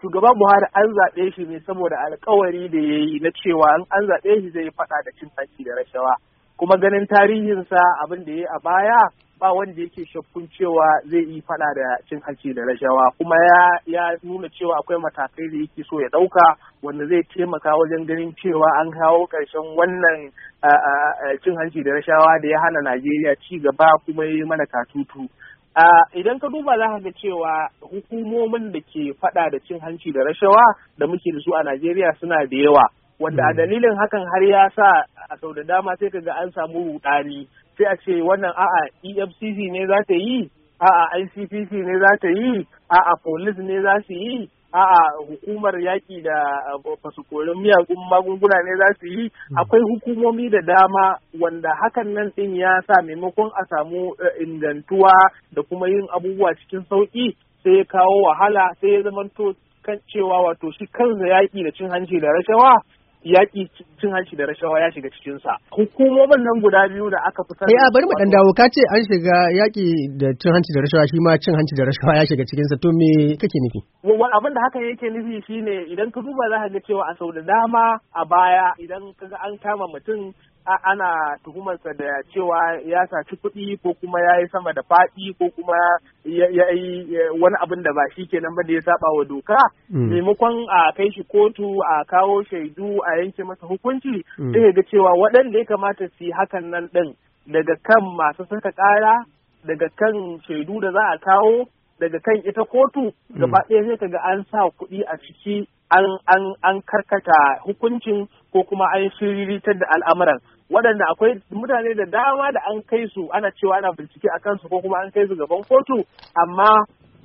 Shugaban Buhari an zaɓe shi ne saboda alkawari da ya yi na cewa an zaɓe shi zai faɗa da cin da rashawa kuma ganin tarihinsa abin da ya yi a baya ba wanda yake shakkun cewa zai yi fada da cin hanci da rashawa kuma ya nuna cewa akwai matakai da yake so ya dauka wanda zai taimaka wajen ganin cewa an kawo karshen wannan cin hanci da rashawa da ya hana Najeriya ci gaba kuma ya yi mana katutu idan ka duba za ka ga cewa hukumomin da ke fada da cin hanci da rashawa da muke da su a Najeriya suna da yawa wanda a hmm. dalilin hakan har ya sa a sau da dama sai ka ga an samu rudani sai a ce wannan a'a efcc ne za ta yi a'a icpc ne za ta yi a'a police ne za su yi a'a hukumar yaƙi da fasikorin miyagun magunguna ne za su yi hmm. akwai hukumomi da dama wanda hakan nan ɗin ya sa maimakon a samu eh, ingantuwa da kuma yin abubuwa cikin sauƙi sai ya kawo wahala sai ya zamanto kan cewa wato shi kansa yaƙi da cin hanci da rashawa yaƙi cin hanci da rashawa ya shiga cikinsa. Hukumomin nan guda biyu da aka fi sani. Eh, bari mu dan dawo ka ce an shiga yaƙi da cin hanci da rashawa shi ma cin hanci da rashawa ya shiga cikinsa to me kake nufi? Abin da hakan yake nufi shine idan ka duba za ka ga cewa a sau da dama a baya idan ka ga an kama mutum ana tuhumarsa da cewa ya saci kuɗi ko kuma ya yi sama da faɗi ko kuma ya yi wani abin da ba shi kenan ba da ya saba wa doka mm. maimakon a kai shi kotu a kawo shaidu a yanke masa hukunci mm. sai ga cewa waɗanda ya kamata su yi hakan nan ɗin daga kan masu saka ƙara daga kan shaidu da za a kawo daga kan ita kotu mm. gaba ɗaya sai kaga an sa kuɗi a ciki an karkata hukuncin ko kuma an shiriritar da al'amuran waɗanda akwai mutane da dama da an kai su ana cewa ana bincike a kansu ko kuma an kai su gaban kotu amma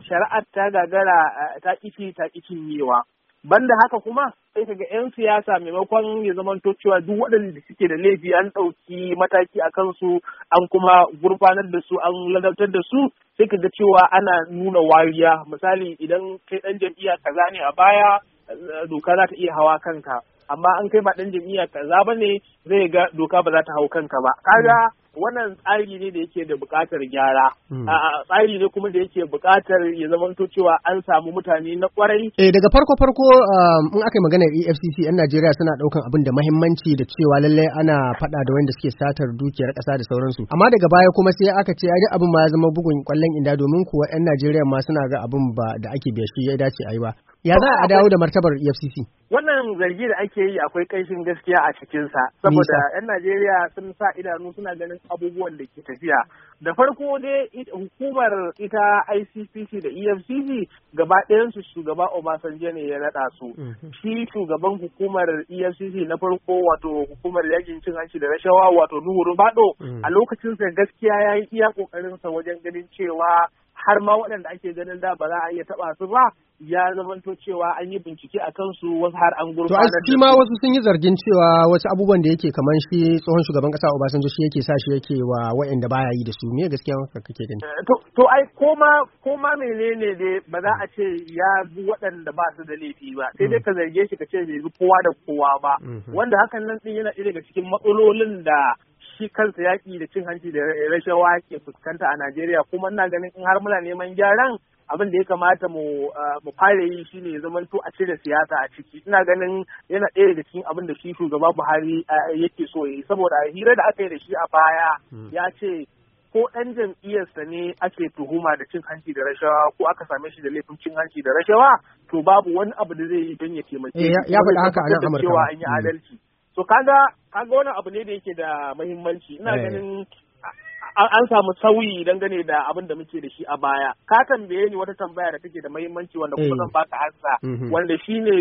shari'ar ta gagara eh, ta ƙici ta ƙicin yewa banda haka kuma sai ka ga 'yan siyasa maimakon ya zama cewa duk waɗanda suke da laifi an ɗauki mataki a kansu an kuma gurfanar da su an ladabtar da su sai ka ga cewa ana nuna wariya misali idan kai ɗan jam'iyya kaza ne a baya eh, doka za ta iya hawa kanka amma an kai ma dan jam'iyya kaza ba ne zai ga doka ba za ta hau kanka ba kaga wannan tsari ne da yake da buƙatar gyara hmm. tsari ne kuma da yake buƙatar ya zama cewa an samu mutane na kwarai eh daga farko farko um, in aka yi maganar EFCC yan Najeriya suna ɗaukan abin da mahimmanci da cewa lallai ana faɗa da wanda suke satar dukiyar ƙasa da sauransu amma daga baya kuma sai aka ce ai abin ma ya zama bugun kwallon inda domin kuwa yan Najeriya ma suna ga abin ba da ake biya shi ya dace a yi ba ya za a dawo da martabar EFCC? Wannan zargi da ake yi akwai kaishin gaskiya a cikinsa, saboda 'yan Najeriya sun sa idanu suna ganin abubuwan da ke tafiya. Da farko dai hukumar ita ICPC da EFCC gaba ɗayansu shugaba Obasanjo ne ya naɗa su. Mm-hmm. Shi shugaban hukumar EFCC na farko wato hukumar yakin cin hanci da rashawa wato Nuhu Rubado mm. a lokacin lokacinsa gaskiya ya yi iya ƙoƙarinsa wajen ganin cewa har ma waɗanda ake ganin da ba za a iya taɓa su ba ya to cewa an yi bincike a kansu wasu har an gurfanar da su. ma wasu sun yi zargin cewa wasu abubuwan da yake kamar shi tsohon shugaban kasa Obasanjo shi yake sa shi yake wa waɗanda baya yi da su me gaskiya haka kake gani. Eh, to ai koma koma menene ne ba za a ce ya bi waɗanda ba su da laifi ba sai dai mm. ka zarge shi ka ce bai bi kowa da kowa ba mm-hmm. wanda hakan nan din yana ɗaya daga cikin matsalolin da shi kansa yaƙi da cin hanci da rashawa ke fuskanta a Najeriya kuma ina ganin in har muna neman gyaran abin da ya kamata mu ah, mu fara yi shine zamanto a cire siyasa a ciki ina ganin yana ɗaya daga cikin abin da shi shugaba Buhari ah, yake so yi saboda hira da aka yi da shi a baya hmm. ya ce ko ɗan jam'iyyarsa ne ake tuhuma da cin hanci da rashawa ko aka same shi da laifin cin hanci da rashawa to babu wani abu da zai yi don ya taimake eh, ya faɗi haka a nan Amurka cewa an yi hmm. adalci so kaga kaga wani abu ne da yake da mahimmanci ina eh. ganin an samu sauyi gane da abin da muke da shi a baya ka tambaye ni wata tambaya da take da mahimmanci wanda kuma eh. zan baka hansa mm-hmm. wanda shine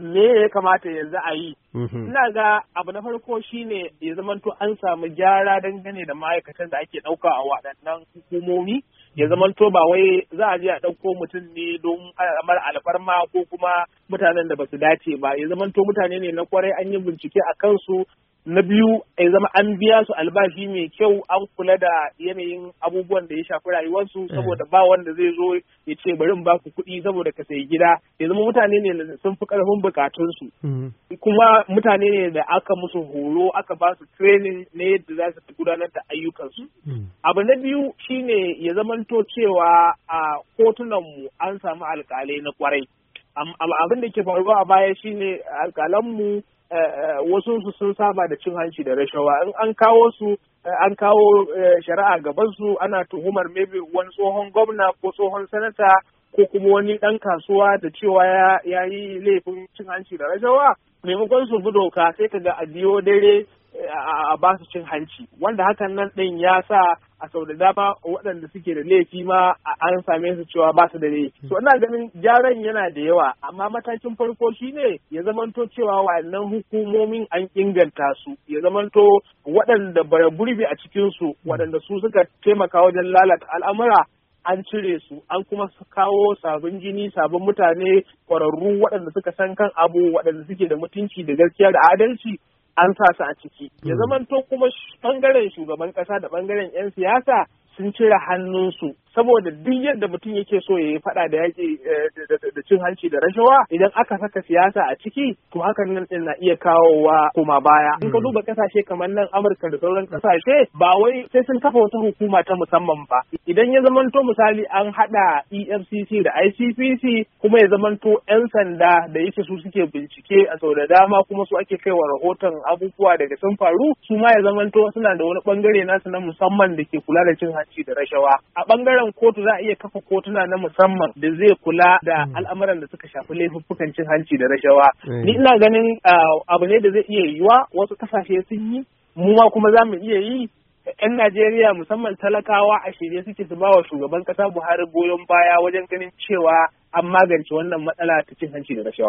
me ya kamata yanzu a yi mm-hmm. ina ga abu na farko shine ya zamanto an samu gyara dangane da ma'aikatan da ake ɗauka a waɗannan hukumomi ya zamanto ba wai za a je a ɗauko mutum ne don mara alfarma ko kuma mutanen da ba su dace ba ya zamanto mutane ne na kwarai an yi bincike a kansu na biyu ya zama an biya su albashi mai kyau an kula da yanayin abubuwan da ya shafi rayuwarsu eh. saboda ba wanda zai zo ya ce bari in ku kuɗi saboda ka sayi gida ya zama mutane ne sun fi ƙarfin bukatunsu hmm. kuma mutane ne da aka musu horo aka ba su training na yadda za su gudanar da ayyukansu hmm. abu na biyu shine ya zamanto cewa a kotunan mu an samu alƙalai na kwarai abin da ke faruwa a baya shine mu. wasu su sun saba da cin hanci da rashawa in an kawo su an kawo eh, shari'a gaban su ana tuhumar maybe wani tsohon gwamna ko tsohon sanata ko kuma wani ɗan kasuwa da cewa ya yi laifin cin hanci da rashawa maimakon su bi doka sai ka ga a biyo dare eh, a ba cin hanci wanda hakan nan din ya sa a sau da dama waɗanda suke da laifi ma an same su cewa ba su da laifi. So ina ganin gyaran yana da yawa amma matakin farko shi ne ya zamanto cewa wa'annan hukumomin an inganta su ya zamanto waɗanda bara gurbi a cikin su waɗanda su suka taimaka wajen lalata al'amura an cire su an kuma kawo sabon jini sabon mutane kwararru waɗanda suka san kan abu waɗanda suke da mutunci da gaskiya da adalci an sa su a ciki ya hmm. zamanto kuma bangaren shugaban kasa da bangaren 'yan siyasa sun cire hannunsu saboda duk yadda mutum yake so ya yi fada da yaƙi eh, da cin hanci da rashawa idan aka saka siyasa a ciki to hakan nan din na iya kawowa kuma baya in ka hmm. duba kasashe kamar nan Amurka da sauran kasashe ba wai sai sun kafa wata hukuma ta musamman ba idan ya zamanto misali an haɗa EFCC da ICPC kuma ya zamanto 'yan sanda da yake su suke bincike a sau da dama kuma su ake kaiwa rahoton abubuwa daga sun faru su ma ya zamanto suna da wani bangare nasu na musamman da ke kula da cin hanci da rashawa a bangaren bangaren kotu za a iya kafa kotuna na musamman da zai kula da hmm. al'amuran da suka shafi laifuffukan cin hanci da rashawa hmm. ni ina ganin ah, abu ne da zai iya yiwa wasu kasashe sun yi mu ma kuma za mu iya yi 'yan Najeriya musamman talakawa a shirye suke su bawa shugaban kasa Buhari goyon baya wajen ganin cewa an magance wannan matsala ta cin hanci da rashawa.